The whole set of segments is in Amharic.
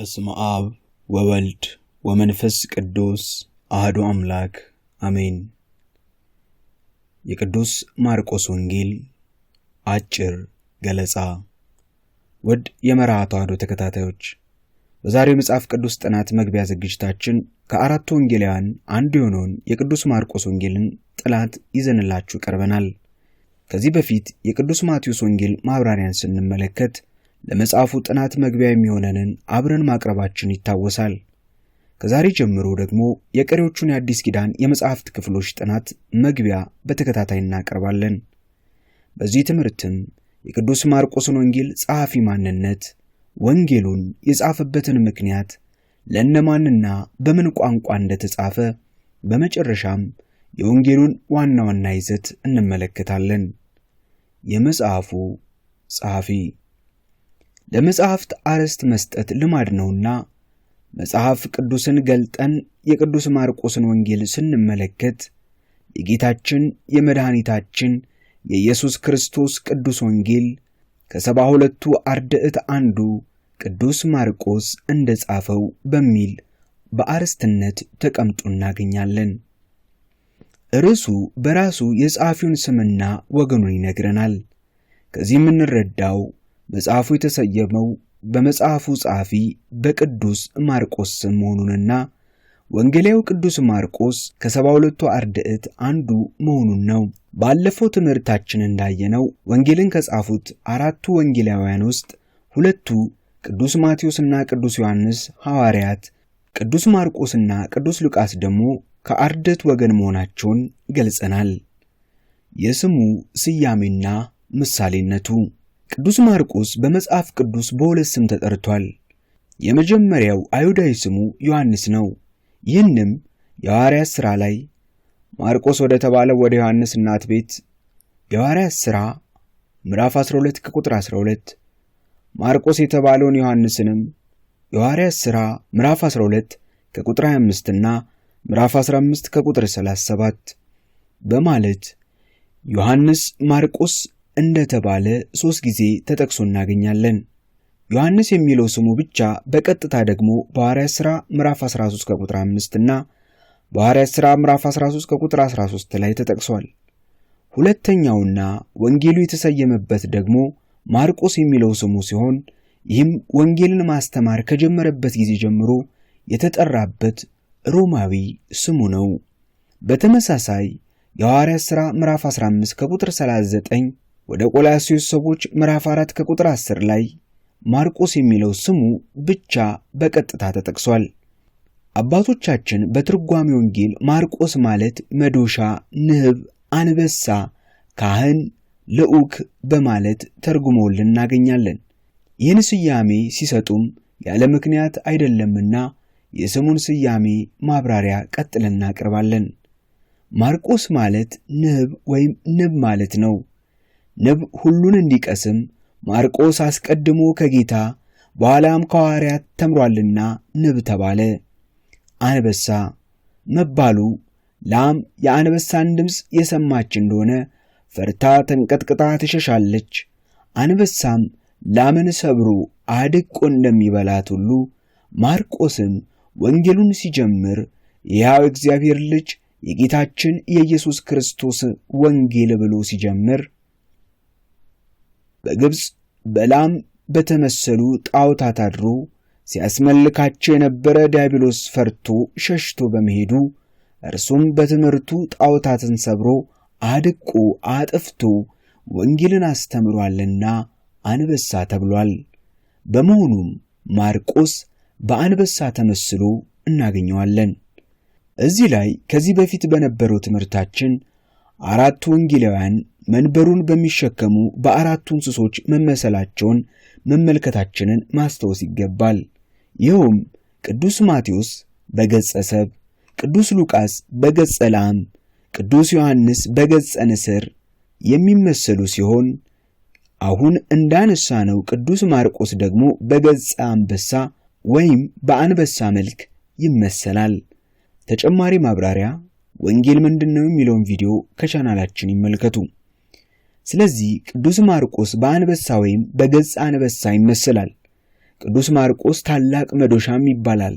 በስመ አብ ወወልድ ወመንፈስ ቅዱስ አህዶ አምላክ አሜን። የቅዱስ ማርቆስ ወንጌል አጭር ገለጻ። ውድ የመርሃ ተዋህዶ ተከታታዮች በዛሬው የመጽሐፍ ቅዱስ ጥናት መግቢያ ዝግጅታችን ከአራቱ ወንጌላውያን አንዱ የሆነውን የቅዱስ ማርቆስ ወንጌልን ጥላት ይዘንላችሁ ቀርበናል። ከዚህ በፊት የቅዱስ ማቴዎስ ወንጌል ማብራሪያን ስንመለከት ለመጽሐፉ ጥናት መግቢያ የሚሆነንን አብረን ማቅረባችን ይታወሳል። ከዛሬ ጀምሮ ደግሞ የቀሪዎቹን የአዲስ ኪዳን የመጽሐፍት ክፍሎች ጥናት መግቢያ በተከታታይ እናቀርባለን። በዚህ ትምህርትም የቅዱስ ማርቆስን ወንጌል ጸሐፊ ማንነት፣ ወንጌሉን የጻፈበትን ምክንያት፣ ለእነማንና በምን ቋንቋ እንደተጻፈ፣ በመጨረሻም የወንጌሉን ዋና ዋና ይዘት እንመለከታለን። የመጽሐፉ ጸሐፊ ለመጽሐፍት አርዕስት መስጠት ልማድ ነውና መጽሐፍ ቅዱስን ገልጠን የቅዱስ ማርቆስን ወንጌል ስንመለከት የጌታችን የመድኃኒታችን የኢየሱስ ክርስቶስ ቅዱስ ወንጌል ከሰባ ሁለቱ አርድዕት አንዱ ቅዱስ ማርቆስ እንደ ጻፈው በሚል በአርዕስትነት ተቀምጦ እናገኛለን። ርዕሱ በራሱ የጸሐፊውን ስምና ወገኑን ይነግረናል። ከዚህ የምንረዳው መጽሐፉ የተሰየመው በመጽሐፉ ጸሐፊ በቅዱስ ማርቆስ ስም መሆኑንና ወንጌላዊው ቅዱስ ማርቆስ ከሰባ ሁለቱ አርድዕት አንዱ መሆኑን ነው። ባለፈው ትምህርታችን እንዳየነው ወንጌልን ከጻፉት አራቱ ወንጌላውያን ውስጥ ሁለቱ ቅዱስ ማቴዎስና ቅዱስ ዮሐንስ ሐዋርያት፣ ቅዱስ ማርቆስና ቅዱስ ሉቃስ ደግሞ ከአርድዕት ወገን መሆናቸውን ገልጸናል። የስሙ ስያሜና ምሳሌነቱ ቅዱስ ማርቆስ በመጽሐፍ ቅዱስ በሁለት ስም ተጠርቷል። የመጀመሪያው አይሁዳዊ ስሙ ዮሐንስ ነው። ይህንም የሐዋርያት ሥራ ላይ ማርቆስ ወደ ተባለው ወደ ዮሐንስ እናት ቤት የሐዋርያት ሥራ ምዕራፍ 12 ከቁጥር 12 ማርቆስ የተባለውን ዮሐንስንም የሐዋርያት ሥራ ምዕራፍ 12 ከቁጥር 25 እና ምዕራፍ 15 ከቁጥር 37 በማለት ዮሐንስ ማርቆስ እንደተባለ ሦስት ጊዜ ተጠቅሶ እናገኛለን። ዮሐንስ የሚለው ስሙ ብቻ በቀጥታ ደግሞ በሐዋርያት ሥራ ምዕራፍ 13 ከቁጥር 5 እና በሐዋርያት ሥራ ምዕራፍ 13 ከቁጥር 13 ላይ ተጠቅሷል። ሁለተኛውና ወንጌሉ የተሰየመበት ደግሞ ማርቆስ የሚለው ስሙ ሲሆን ይህም ወንጌልን ማስተማር ከጀመረበት ጊዜ ጀምሮ የተጠራበት ሮማዊ ስሙ ነው። በተመሳሳይ የሐዋርያት ሥራ ምዕራፍ 15 ከቁጥር 39 ወደ ቆላስዩስ ሰዎች ምዕራፍ 4 ከቁጥር 10 ላይ ማርቆስ የሚለው ስሙ ብቻ በቀጥታ ተጠቅሷል። አባቶቻችን በትርጓሜ ወንጌል ማርቆስ ማለት መዶሻ፣ ንህብ፣ አንበሳ፣ ካህን፣ ልዑክ በማለት ተርጉመውልን እናገኛለን። ይህን ስያሜ ሲሰጡም ያለ ምክንያት አይደለምና የስሙን ስያሜ ማብራሪያ ቀጥለን እናቀርባለን። ማርቆስ ማለት ንህብ ወይም ንብ ማለት ነው። ንብ ሁሉን እንዲቀስም ማርቆስ አስቀድሞ ከጌታ በኋላም ከሐዋርያት ተምሯልና ንብ ተባለ። አንበሳ መባሉ ላም የአንበሳን ድምፅ የሰማች እንደሆነ ፈርታ ተንቀጥቅጣ ትሸሻለች። አንበሳም ላምን ሰብሮ አድቆ እንደሚበላት ሁሉ ማርቆስም ወንጌሉን ሲጀምር የሕያው እግዚአብሔር ልጅ የጌታችን የኢየሱስ ክርስቶስ ወንጌል ብሎ ሲጀምር በግብፅ በላም በተመሰሉ ጣዖታት አድሮ ሲያስመልካቸው የነበረ ዲያብሎስ ፈርቶ ሸሽቶ በመሄዱ እርሱም በትምህርቱ ጣዖታትን ሰብሮ አድቆ አጥፍቶ ወንጌልን አስተምሯልና አንበሳ ተብሏል። በመሆኑም ማርቆስ በአንበሳ ተመስሎ እናገኘዋለን። እዚህ ላይ ከዚህ በፊት በነበረው ትምህርታችን አራት ወንጌላውያን መንበሩን በሚሸከሙ በአራቱ እንስሶች መመሰላቸውን መመልከታችንን ማስታወስ ይገባል። ይኸውም ቅዱስ ማቴዎስ በገጸ ሰብ፣ ቅዱስ ሉቃስ በገጸ ላም፣ ቅዱስ ዮሐንስ በገጸ ንስር የሚመሰሉ ሲሆን አሁን ነው ቅዱስ ማርቆስ ደግሞ በገጸ አንበሳ ወይም በአንበሳ መልክ ይመሰላል። ተጨማሪ ማብራሪያ ወንጌል ምንድን ነው የሚለውን ቪዲዮ ከቻናላችን ይመልከቱ። ስለዚህ ቅዱስ ማርቆስ በአንበሳ ወይም በገጽ አንበሳ ይመስላል። ቅዱስ ማርቆስ ታላቅ መዶሻም ይባላል።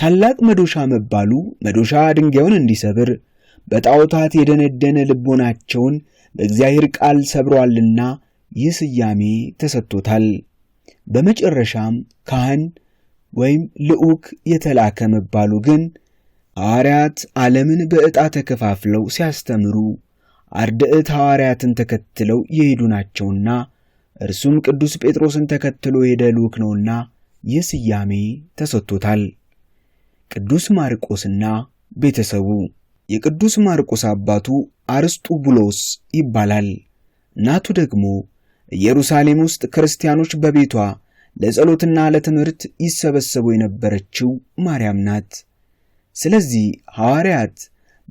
ታላቅ መዶሻ መባሉ መዶሻ ድንጋዩን እንዲሰብር በጣዖታት የደነደነ ልቦናቸውን በእግዚአብሔር ቃል ሰብሯልና ይህ ስያሜ ተሰጥቶታል። በመጨረሻም ካህን ወይም ልዑክ የተላከ መባሉ ግን ሐዋርያት ዓለምን በዕጣ ተከፋፍለው ሲያስተምሩ አርድዕት ሐዋርያትን ተከትለው የሄዱ ናቸውና እርሱም ቅዱስ ጴጥሮስን ተከትሎ ሄደ ልዑክ ነውና ይህ ስያሜ ተሰጥቶታል። ቅዱስ ማርቆስና ቤተሰቡ የቅዱስ ማርቆስ አባቱ አርስጡቡሎስ ይባላል። እናቱ ደግሞ ኢየሩሳሌም ውስጥ ክርስቲያኖች በቤቷ ለጸሎትና ለትምህርት ይሰበሰቡ የነበረችው ማርያም ናት። ስለዚህ ሐዋርያት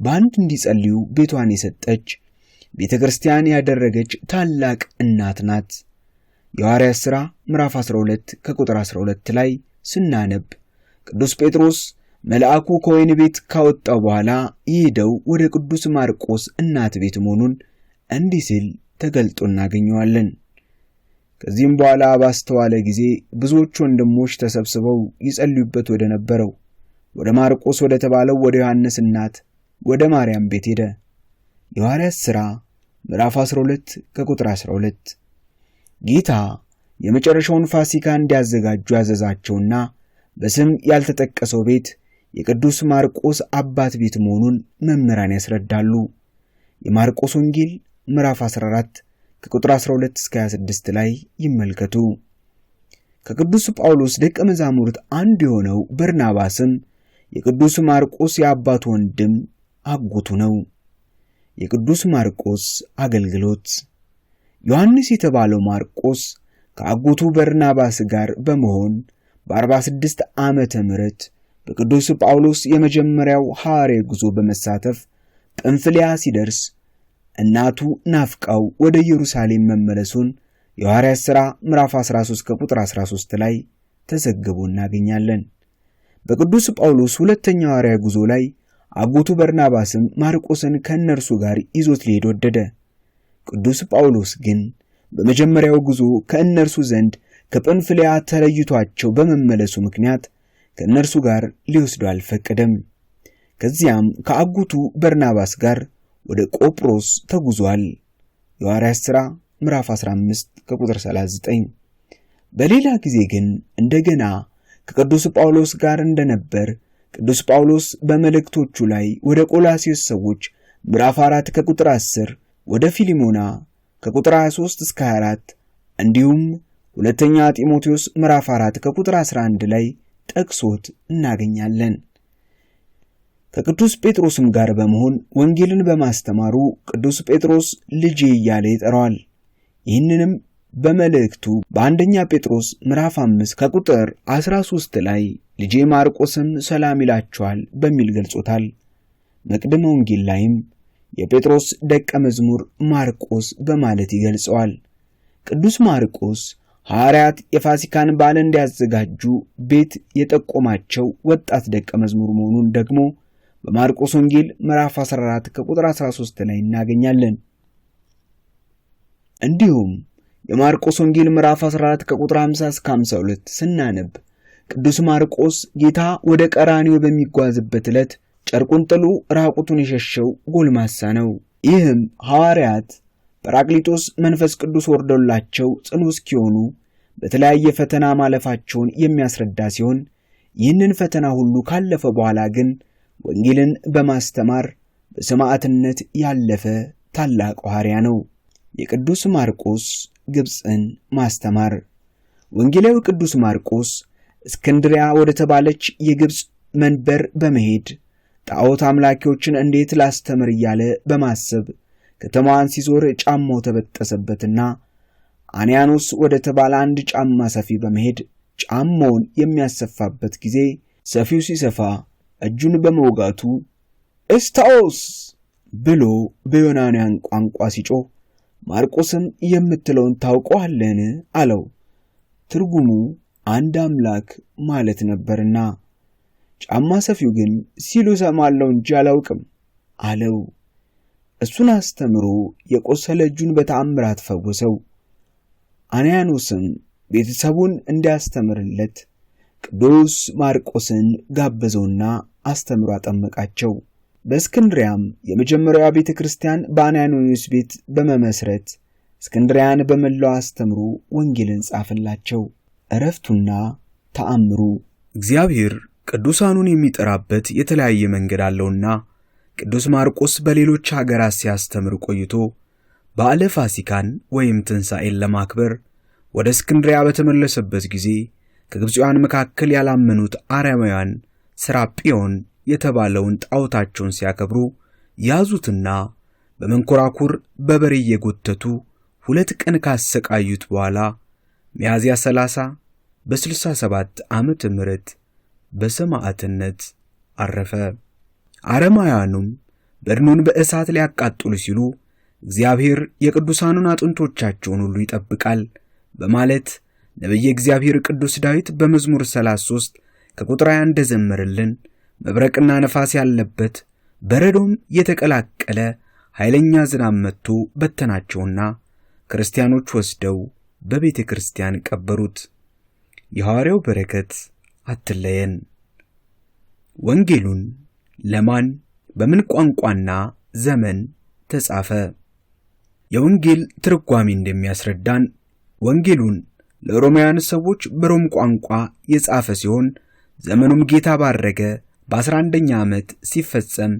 በአንድ እንዲጸልዩ ቤቷን የሰጠች ቤተ ክርስቲያን ያደረገች ታላቅ እናት ናት። የሐዋርያት ሥራ ምዕራፍ 12 ከቁጥር 12 ላይ ስናነብ ቅዱስ ጴጥሮስ መልአኩ ከወይን ቤት ካወጣው በኋላ የሄደው ወደ ቅዱስ ማርቆስ እናት ቤት መሆኑን እንዲህ ሲል ተገልጦ እናገኘዋለን። ከዚህም በኋላ ባስተዋለ ጊዜ ብዙዎች ወንድሞች ተሰብስበው ይጸልዩበት ወደ ነበረው ወደ ማርቆስ ወደ ተባለው ወደ ዮሐንስ እናት ወደ ማርያም ቤት ሄደ። የሐዋርያት ሥራ ምዕራፍ 12 ከቁጥር 12 ጌታ የመጨረሻውን ፋሲካ እንዲያዘጋጁ ያዘዛቸውና በስም ያልተጠቀሰው ቤት የቅዱስ ማርቆስ አባት ቤት መሆኑን መምህራን ያስረዳሉ። የማርቆስ ወንጌል ምዕራፍ 14 ከቁጥር 12 እስከ 26 ላይ ይመልከቱ። ከቅዱስ ጳውሎስ ደቀ መዛሙርት አንዱ የሆነው በርናባስም የቅዱስ ማርቆስ የአባቱ ወንድም አጎቱ ነው። የቅዱስ ማርቆስ አገልግሎት ዮሐንስ የተባለው ማርቆስ ከአጎቱ በርናባስ ጋር በመሆን በ46 ዓመተ ምህረት በቅዱስ ጳውሎስ የመጀመሪያው ሐዋርያ ጉዞ በመሳተፍ ጵንፍልያ ሲደርስ እናቱ ናፍቃው ወደ ኢየሩሳሌም መመለሱን የሐዋርያት ሥራ ምዕራፍ 13 ከቁጥር 13 ላይ ተዘግቦ እናገኛለን። በቅዱስ ጳውሎስ ሁለተኛው ሐዋርያ ጉዞ ላይ አጎቱ በርናባስም ማርቆስን ከእነርሱ ጋር ይዞት ሊሄድ ወደደ። ቅዱስ ጳውሎስ ግን በመጀመሪያው ጉዞ ከእነርሱ ዘንድ ከጵንፍልያ ተለይቷቸው በመመለሱ ምክንያት ከእነርሱ ጋር ሊወስዱ አልፈቀደም። ከዚያም ከአጎቱ በርናባስ ጋር ወደ ቆጵሮስ ተጉዟል። የሐዋርያት ሥራ ምዕራፍ 15 ከቁጥር 39። በሌላ ጊዜ ግን እንደገና ከቅዱስ ጳውሎስ ጋር እንደነበር ቅዱስ ጳውሎስ በመልእክቶቹ ላይ ወደ ቆላሴስ ሰዎች ምዕራፍ 4 ከቁጥር 10 ወደ ፊሊሞና ከቁጥር 23 እስከ 24 እንዲሁም ሁለተኛ ጢሞቴዎስ ምዕራፍ 4 ከቁጥር 11 ላይ ጠቅሶት እናገኛለን። ከቅዱስ ጴጥሮስም ጋር በመሆን ወንጌልን በማስተማሩ ቅዱስ ጴጥሮስ ልጄ እያለ ይጠራዋል። ይህንንም በመልእክቱ በአንደኛ ጴጥሮስ ምዕራፍ 5 ከቁጥር 13 ላይ ልጄ ማርቆስም ሰላም ይላችኋል በሚል ገልጾታል። መቅድመ ወንጌል ላይም የጴጥሮስ ደቀ መዝሙር ማርቆስ በማለት ይገልጸዋል። ቅዱስ ማርቆስ ሐዋርያት የፋሲካን በዓል እንዲያዘጋጁ ቤት የጠቆማቸው ወጣት ደቀ መዝሙር መሆኑን ደግሞ በማርቆስ ወንጌል ምዕራፍ 14 ከቁጥር 13 ላይ እናገኛለን። እንዲሁም የማርቆስ ወንጌል ምዕራፍ 14 ከቁጥር 50 እስከ 52 ስናነብ ቅዱስ ማርቆስ ጌታ ወደ ቀራኒዮ በሚጓዝበት ዕለት ጨርቁን ጥሎ ራቁቱን የሸሸው ጎልማሳ ነው። ይህም ሐዋርያት ጰራቅሊጦስ መንፈስ ቅዱስ ወርዶላቸው ጽኑ እስኪሆኑ በተለያየ ፈተና ማለፋቸውን የሚያስረዳ ሲሆን ይህንን ፈተና ሁሉ ካለፈ በኋላ ግን ወንጌልን በማስተማር በሰማዕትነት ያለፈ ታላቅ ሐዋርያ ነው። የቅዱስ ማርቆስ ግብፅን ማስተማር። ወንጌላዊ ቅዱስ ማርቆስ እስክንድሪያ ወደ ተባለች የግብፅ መንበር በመሄድ ጣዖት አምላኪዎችን እንዴት ላስተምር እያለ በማሰብ ከተማዋን ሲዞር ጫማው ተበጠሰበትና አንያኖስ ወደ ተባለ አንድ ጫማ ሰፊ በመሄድ ጫማውን የሚያሰፋበት ጊዜ ሰፊው ሲሰፋ እጁን በመውጋቱ እስታኦስ ብሎ በዮናንያን ቋንቋ ሲጮህ ማርቆስም የምትለውን ታውቀዋለን አለው። ትርጉሙ አንድ አምላክ ማለት ነበርና። ጫማ ሰፊው ግን ሲሉ ሰማለው እንጂ አላውቅም አለው። እሱን አስተምሮ የቆሰለ እጁን በተአምራት ፈወሰው። አንያኖስም ቤተሰቡን እንዲያስተምርለት ቅዱስ ማርቆስን ጋበዘውና አስተምሮ አጠመቃቸው። በእስክንድሪያም የመጀመሪያዋ ቤተ ክርስቲያን በአናኒዎስ ቤት በመመስረት እስክንድሪያን በመላው አስተምሮ ወንጌልን ጻፈላቸው። እረፍቱና ተአምሩ እግዚአብሔር ቅዱሳኑን የሚጠራበት የተለያየ መንገድ አለውና ቅዱስ ማርቆስ በሌሎች ሀገራት ሲያስተምር ቆይቶ በዓለ ፋሲካን ወይም ትንሣኤን ለማክበር ወደ እስክንድሪያ በተመለሰበት ጊዜ ከግብፅያን መካከል ያላመኑት አረማውያን ስራጵዮን የተባለውን ጣዖታቸውን ሲያከብሩ ያዙትና በመንኮራኩር በበሬ እየጎተቱ ሁለት ቀን ካሰቃዩት በኋላ ሚያዝያ 30 በ67 ዓመተ ምህረት በሰማዕትነት አረፈ። አረማውያኑም በድኑን በእሳት ሊያቃጥሉ ሲሉ እግዚአብሔር የቅዱሳኑን አጥንቶቻቸውን ሁሉ ይጠብቃል በማለት ነቢየ እግዚአብሔር ቅዱስ ዳዊት በመዝሙር 33 ከቁጥር 1 እንደዘመረልን መብረቅና ነፋስ ያለበት በረዶም የተቀላቀለ ኃይለኛ ዝናብ መጥቶ በተናቸውና ክርስቲያኖች ወስደው በቤተ ክርስቲያን ቀበሩት። የሐዋርያው በረከት አትለየን። ወንጌሉን ለማን በምን ቋንቋና ዘመን ተጻፈ? የወንጌል ትርጓሜ እንደሚያስረዳን ወንጌሉን ለሮማውያን ሰዎች በሮም ቋንቋ የጻፈ ሲሆን ዘመኑም ጌታ ባረገ በ11ኛ ዓመት ሲፈጸም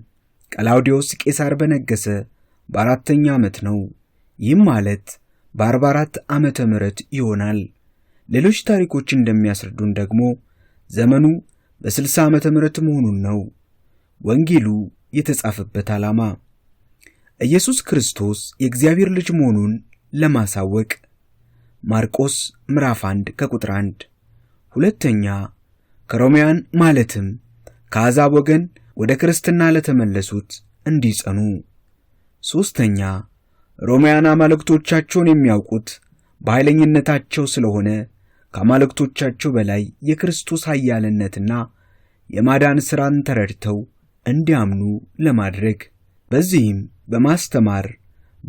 ቀላውዲዮስ ቄሳር በነገሰ በአራተኛ ዓመት ነው። ይህም ማለት በ44 ዓመተ ምህረት ይሆናል። ሌሎች ታሪኮች እንደሚያስረዱን ደግሞ ዘመኑ በ60 ዓመተ ምህረት መሆኑን ነው። ወንጌሉ የተጻፈበት ዓላማ ኢየሱስ ክርስቶስ የእግዚአብሔር ልጅ መሆኑን ለማሳወቅ ማርቆስ ምዕራፍ 1 ከቁጥር 1። ሁለተኛ ከሮሚያን ማለትም ከአሕዛብ ወገን ወደ ክርስትና ለተመለሱት እንዲጸኑ። ሦስተኛ ሮማውያን አማልክቶቻቸውን የሚያውቁት በኃይለኝነታቸው ስለሆነ ከአማልክቶቻቸው በላይ የክርስቶስ ኃያልነትና የማዳን ሥራን ተረድተው እንዲያምኑ ለማድረግ በዚህም በማስተማር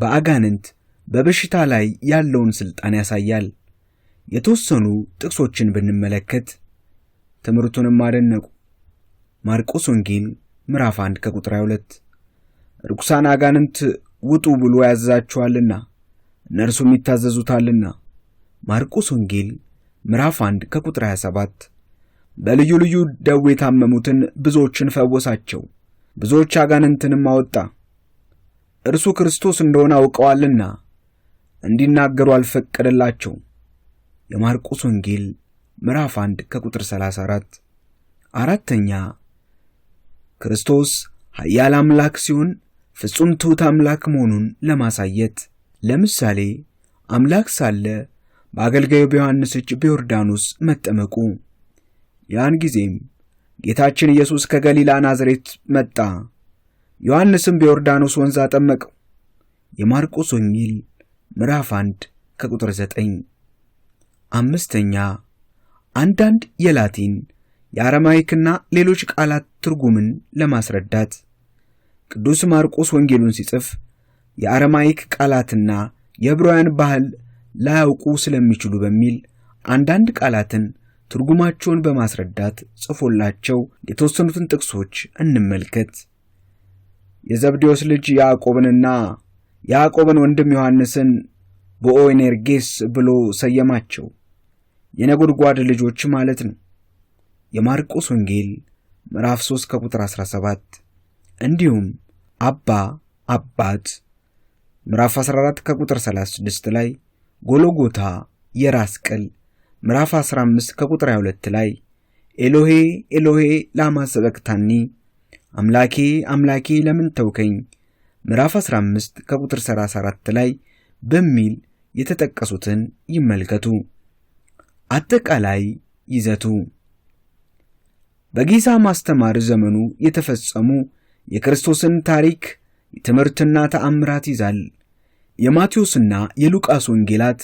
በአጋንንት በበሽታ ላይ ያለውን ሥልጣን ያሳያል። የተወሰኑ ጥቅሶችን ብንመለከት ትምህርቱንም አደነቁ። ማርቆስ ወንጌል ምዕራፍ 1 ከቁጥር 22 ርኩሳን አጋንንት ውጡ ብሎ ያዘዛችኋልና እነርሱም ይታዘዙታልና። ማርቆስ ወንጌል ምዕራፍ 1 ከቁጥር 27 በልዩ ልዩ ደዌ የታመሙትን ብዙዎችን ፈወሳቸው፣ ብዙዎች አጋንንትንም አወጣ። እርሱ ክርስቶስ እንደሆነ አውቀዋልና እንዲናገሩ አልፈቀደላቸው። የማርቆስ ወንጌል ምዕራፍ 1 ከቁጥር 34 አራተኛ ክርስቶስ ኃያል አምላክ ሲሆን ፍጹም ትሑት አምላክ መሆኑን ለማሳየት ለምሳሌ አምላክ ሳለ በአገልጋዩ በዮሐንስ እጅ በዮርዳኖስ መጠመቁ። ያን ጊዜም ጌታችን ኢየሱስ ከገሊላ ናዝሬት መጣ፣ ዮሐንስም በዮርዳኖስ ወንዝ አጠመቀው። የማርቆስ ወንጌል ምዕራፍ 1 ከቁጥር 9። አምስተኛ አንዳንድ የላቲን የአረማይክና ሌሎች ቃላት ትርጉምን ለማስረዳት ቅዱስ ማርቆስ ወንጌሉን ሲጽፍ የአረማይክ ቃላትና የዕብራውያን ባህል ላያውቁ ስለሚችሉ በሚል አንዳንድ ቃላትን ትርጉማቸውን በማስረዳት ጽፎላቸው የተወሰኑትን ጥቅሶች እንመልከት። የዘብዴዎስ ልጅ ያዕቆብንና ያዕቆብን ወንድም ዮሐንስን ቦኦኔርጌስ ብሎ ሰየማቸው። የነጎድጓድ ልጆች ማለት ነው። የማርቆስ ወንጌል ምዕራፍ 3 ከቁጥር 17 እንዲሁም አባ አባት ምዕራፍ 14 ከቁጥር 36 ላይ ጎሎጎታ የራስ ቅል ምዕራፍ 15 ከቁጥር 22 ላይ ኤሎሄ ኤሎሄ ላማ ሰበቅታኒ አምላኬ አምላኬ ለምን ተውከኝ ምዕራፍ 15 ከቁጥር 34 ላይ በሚል የተጠቀሱትን ይመልከቱ። አጠቃላይ ይዘቱ በጌታ ማስተማር ዘመኑ የተፈጸሙ የክርስቶስን ታሪክ የትምህርትና ተአምራት ይዛል። የማቴዎስና የሉቃስ ወንጌላት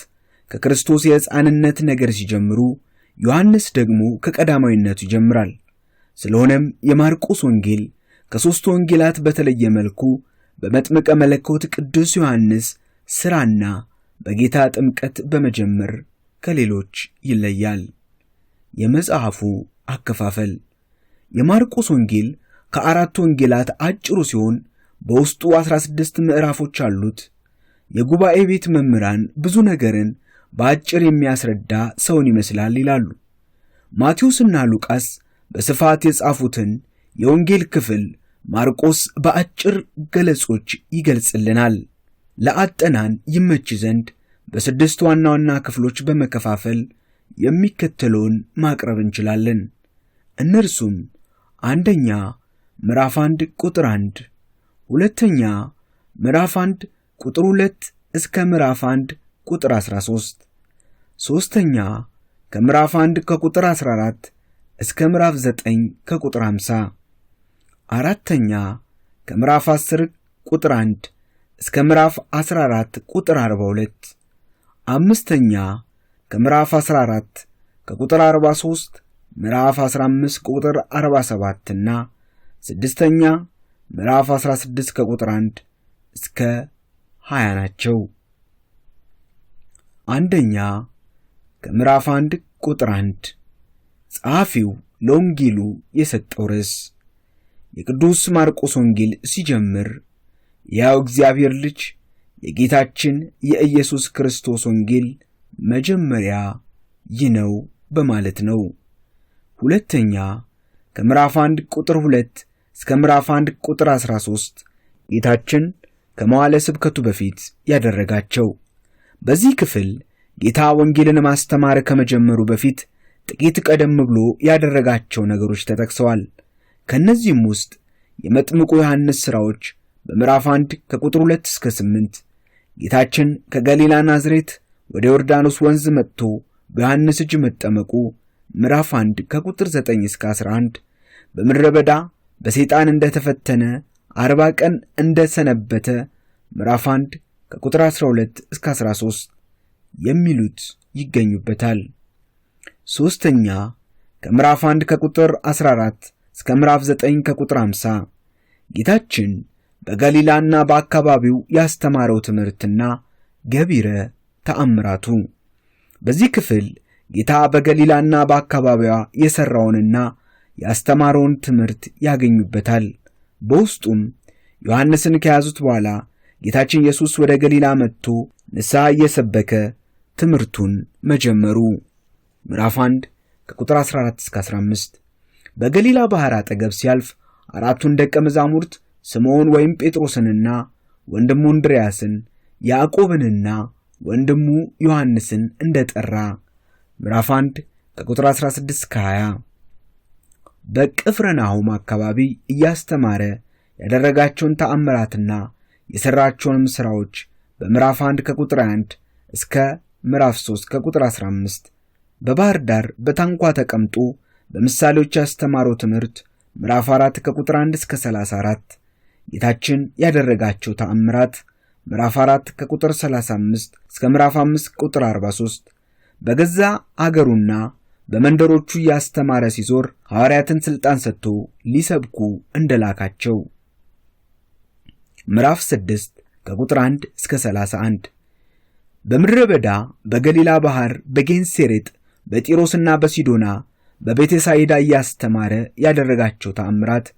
ከክርስቶስ የሕፃንነት ነገር ሲጀምሩ፣ ዮሐንስ ደግሞ ከቀዳማዊነቱ ይጀምራል። ስለሆነም የማርቆስ ወንጌል ከሦስቱ ወንጌላት በተለየ መልኩ በመጥምቀ መለኮት ቅዱስ ዮሐንስ ሥራና በጌታ ጥምቀት በመጀመር ከሌሎች ይለያል። የመጽሐፉ አከፋፈል የማርቆስ ወንጌል ከአራት ወንጌላት አጭሩ ሲሆን በውስጡ 16 ምዕራፎች አሉት። የጉባኤ ቤት መምህራን ብዙ ነገርን በአጭር የሚያስረዳ ሰውን ይመስላል ይላሉ። ማቴዎስና ሉቃስ በስፋት የጻፉትን የወንጌል ክፍል ማርቆስ በአጭር ገለጾች ይገልጽልናል። ለአጠናን ይመች ዘንድ በስድስት ዋና ዋና ክፍሎች በመከፋፈል የሚከተለውን ማቅረብ እንችላለን። እነርሱም አንደኛ ምዕራፍ አንድ ቁጥር አንድ ሁለተኛ ምዕራፍ አንድ ቁጥር 2 እስከ ምዕራፍ 1 ቁጥር 13፣ ሶስተኛ ከምዕራፍ 1 ከቁጥር አራት እስከ ምዕራፍ 9 ከቁጥር አምሳ አራተኛ ከምዕራፍ አስር ቁጥር 1 እስከ ምዕራፍ አራት ቁጥር ሁለት አምስተኛ ከምዕራፍ አራት ከቁጥር 43 ምዕራፍ 15 ቁጥር 47 እና ስድስተኛ ምዕራፍ 16 ከቁጥር 1 እስከ 20 ናቸው። አንደኛ ከምዕራፍ 1 ቁጥር 1 ጸሐፊው ለወንጌሉ የሰጠው ርዕስ የቅዱስ ማርቆስ ወንጌል ሲጀምር ያው እግዚአብሔር ልጅ የጌታችን የኢየሱስ ክርስቶስ ወንጌል መጀመሪያ ይህ ነው በማለት ነው። ሁለተኛ ከምዕራፍ 1 ቁጥር 2 እስከ ምዕራፍ 1 ቁጥር 13 ጌታችን ከመዋለ ስብከቱ በፊት ያደረጋቸው። በዚህ ክፍል ጌታ ወንጌልን ማስተማር ከመጀመሩ በፊት ጥቂት ቀደም ብሎ ያደረጋቸው ነገሮች ተጠቅሰዋል። ከእነዚህም ውስጥ የመጥምቁ ዮሐንስ ሥራዎች በምዕራፍ 1 ከቁጥር 2 እስከ 8 ጌታችን ከገሊላ ናዝሬት ወደ ዮርዳኖስ ወንዝ መጥቶ በዮሐንስ እጅ መጠመቁ ምዕራፍ 1 ከቁጥር 9 እስከ 11 በምድረ በዳ በሰይጣን እንደተፈተነ አርባ ቀን እንደሰነበተ ምዕራፍ 1 ከቁጥር 12 እስከ 13 የሚሉት ይገኙበታል። ሶስተኛ ከምዕራፍ 1 ከቁጥር 14 እስከ ምዕራፍ 9 ከቁጥር 50 ጌታችን በገሊላና በአካባቢው ያስተማረው ትምህርትና ገቢረ ተአምራቱ በዚህ ክፍል ጌታ በገሊላና በአካባቢዋ የሠራውንና ያስተማረውን ትምህርት ያገኙበታል። በውስጡም ዮሐንስን ከያዙት በኋላ ጌታችን ኢየሱስ ወደ ገሊላ መጥቶ ንስሐ እየሰበከ ትምህርቱን መጀመሩ። ምዕራፍ 1 ከቁጥር 14 እስከ 15 በገሊላ ባሕር አጠገብ ሲያልፍ አራቱን ደቀ መዛሙርት ስምዖን ወይም ጴጥሮስንና ወንድሙ እንድርያስን ያዕቆብንና ወንድሙ ዮሐንስን እንደጠራ ምዕራፍ 1 ከቁጥር 16 ከ20 በቅፍርናሆም አካባቢ እያስተማረ ያደረጋቸውን ተአምራትና የሠራቸውንም ሥራዎች በምዕራፍ 1 ከቁጥር 1 እስከ ምዕራፍ 3 ከቁጥር 15 በባህር ዳር በታንኳ ተቀምጦ በምሳሌዎች ያስተማረው ትምህርት ምዕራፍ 4 ከቁጥር 1 እስከ 34 ጌታችን ያደረጋቸው ተአምራት ምዕራፍ 4 ከቁጥር 35 እስከ ምዕራፍ 5 ቁጥር 43 በገዛ አገሩና በመንደሮቹ እያስተማረ ሲዞር ሐዋርያትን ሥልጣን ሰጥቶ ሊሰብኩ እንደላካቸው ምዕራፍ 6 ከቁጥር 1 እስከ 31 በምድረ በዳ በገሊላ ባህር በጌንሴሬጥ በጢሮስና በሲዶና በቤተሳይዳ እያስተማረ ያደረጋቸው ተአምራት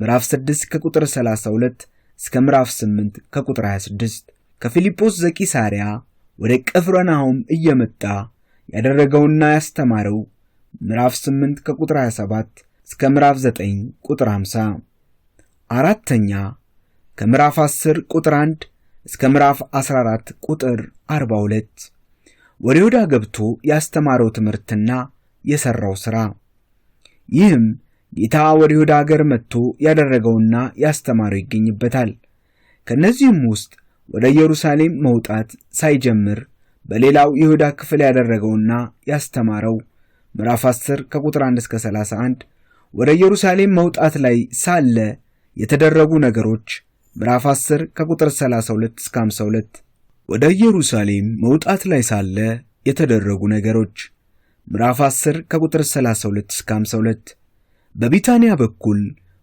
ምዕራፍ 6 ከቁጥር 32 እስከ ምዕራፍ 8 ከቁጥር 26 ከፊልጶስ ዘቂሳርያ ወደ ቅፍርናሆም እየመጣ ያደረገውና ያስተማረው ምዕራፍ 8 ከቁጥር 27 እስከ ምዕራፍ 9 ቁጥር 50። አራተኛ ከምዕራፍ 10 ቁጥር 1 እስከ ምዕራፍ 14 ቁጥር 42 ወደ ይሁዳ ገብቶ ያስተማረው ትምህርትና የሠራው ሥራ። ይህም ጌታ ወደ ይሁዳ አገር መጥቶ ያደረገውና ያስተማረው ይገኝበታል። ከእነዚህም ውስጥ ወደ ኢየሩሳሌም መውጣት ሳይጀምር በሌላው ይሁዳ ክፍል ያደረገውና ያስተማረው ምዕራፍ 10 ከቁጥር 1 እስከ 31 ወደ ኢየሩሳሌም መውጣት ላይ ሳለ የተደረጉ ነገሮች ምዕራፍ 10 ከቁጥር 32 እስከ 52 ወደ ኢየሩሳሌም መውጣት ላይ ሳለ የተደረጉ ነገሮች ምዕራፍ 10 ከቁጥር 32 እስከ 52 በቢታንያ በኩል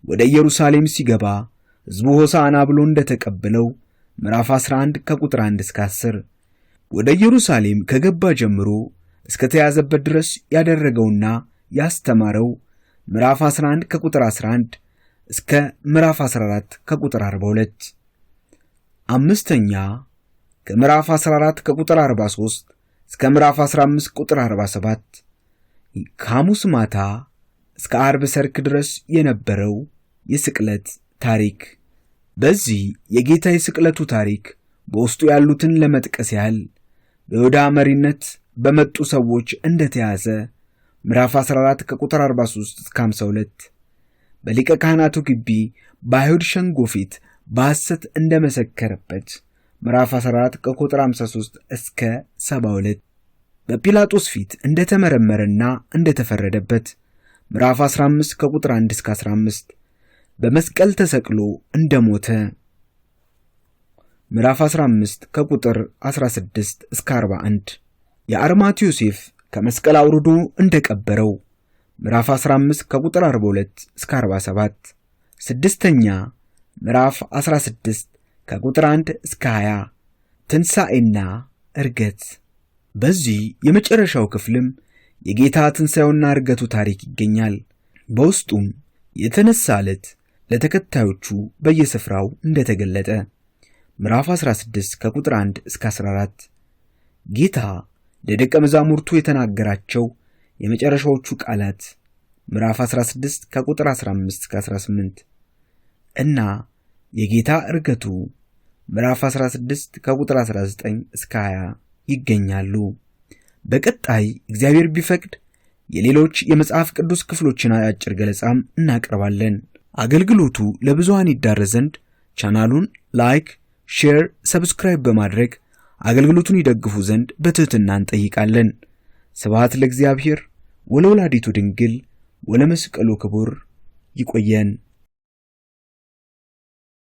ወደ ኢየሩሳሌም ሲገባ ሕዝቡ ሆሳዕና ብሎ እንደተቀበለው ምዕራፍ 11 ከቁጥር 1 እስከ 10 ወደ ኢየሩሳሌም ከገባ ጀምሮ እስከ ተያዘበት ድረስ ያደረገውና ያስተማረው ምዕራፍ 11 ከቁጥር 11 እስከ ምዕራፍ 14 ከቁጥር 42። አምስተኛ ከምዕራፍ 14 ከቁጥር 43 እስከ ምዕራፍ 15 ቁጥር 47 ከሐሙስ ማታ እስከ አርብ ሰርክ ድረስ የነበረው የስቅለት ታሪክ። በዚህ የጌታ የስቅለቱ ታሪክ በውስጡ ያሉትን ለመጥቀስ ያህል በይሁዳ መሪነት በመጡ ሰዎች እንደተያዘ ምዕራፍ 14 ከቁጥር 43 እስከ 52 በሊቀ ካህናቱ ግቢ በአይሁድ ሸንጎ ፊት በሐሰት እንደመሰከረበት ምዕራፍ 14 ከቁጥር 53 እስከ 72 በጲላጦስ ፊት እንደተመረመረና እንደተፈረደበት ምዕራፍ 15 ከቁጥር 1 እስከ 15 በመስቀል ተሰቅሎ እንደሞተ ምዕራፍ 15 ከቁጥር 16 እስከ 41 የአርማት ዮሴፍ ከመስቀል አውርዶ እንደቀበረው ምዕራፍ 15 ከቁጥር 42 እስከ 47 ስድስተኛ ምዕራፍ 16 ከቁጥር 1 እስከ 20 ትንሣኤና እርገት። በዚህ የመጨረሻው ክፍልም የጌታ ትንሣኤውና እርገቱ ታሪክ ይገኛል። በውስጡም የተነሳ ዕለት ለተከታዮቹ በየስፍራው እንደተገለጠ ምዕራፍ 16 ከቁጥር 1 እስከ 14 ጌታ ለደቀ መዛሙርቱ የተናገራቸው የመጨረሻዎቹ ቃላት ምዕራፍ 16 ከቁጥር 15 እስከ 18 እና የጌታ እርገቱ ምዕራፍ 16 ከቁጥር 19 እስከ 20 ይገኛሉ። በቀጣይ እግዚአብሔር ቢፈቅድ የሌሎች የመጽሐፍ ቅዱስ ክፍሎችን አጭር ገለጻም እናቀርባለን። አገልግሎቱ ለብዙሃን ይዳረስ ዘንድ ቻናሉን ላይክ ሼር፣ ሰብስክራይብ በማድረግ አገልግሎቱን ይደግፉ ዘንድ በትህትና እንጠይቃለን። ስብሐት ለእግዚአብሔር ወለወላዲቱ ድንግል ወለመስቀሉ ክቡር። ይቆየን።